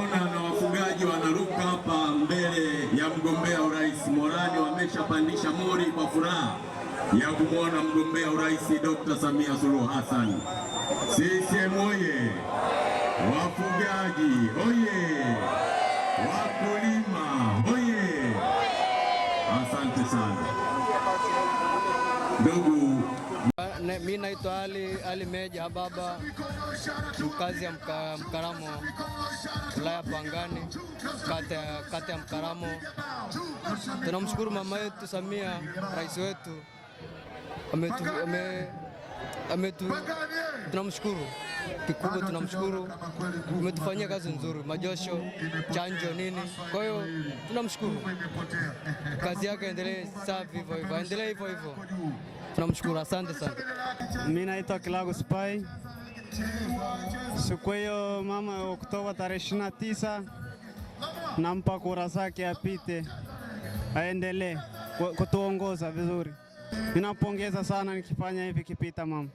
naona na wafugaji wanaruka hapa mbele ya mgombea urais. Morani wameshapandisha mori kwa furaha ya kumwona mgombea urais Dr. Samia Suluhu Hassan. CCM oye! Wafugaji oye! Wakulima oye! Asante sana ndugu mimi naitwa Ali, Ali Meja Ababa, mkazi ya mka, Mkaramo, wilaya Pangani, kata, kata ya Mkaramo. Tunamshukuru mama yetu Samia, rais wetu ametu, ametu, tunamshukuru kikubwa tunamshukuru, umetufanyia kazi nzuri, majosho, chanjo, nini. Kwa hiyo tunamshukuru, kazi yake endelee safi hivyo hivyo, endelee hivyo hivyo, tunamshukuru. Asante sana. Mimi naitwa Kilago Spai. Siku hiyo mama ya Oktoba tarehe 29, nampa kura zake, apite aendelee kutuongoza vizuri. Ninapongeza sana nikifanya hivi kipita mama